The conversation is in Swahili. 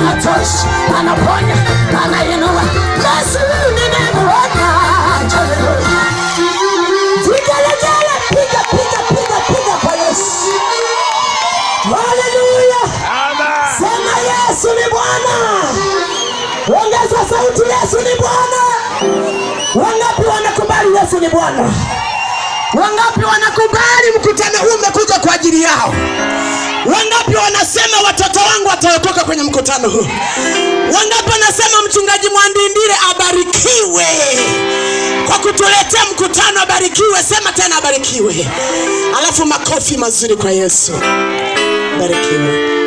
anatoshi, anaponya, anainua. Yesu nimemwona. sema Yesu ni Bwana. Ongeza sauti, Yesu ni Bwana. Wangapi wanakubali mkutano huu umekuja kwa ajili yao? Wangapi wana mkutano huu. Wangapi nasema mchungaji Mwandindile abarikiwe kwa kutuletea mkutano, abarikiwe. Sema tena abarikiwe, alafu makofi mazuri kwa Yesu. Barikiwe.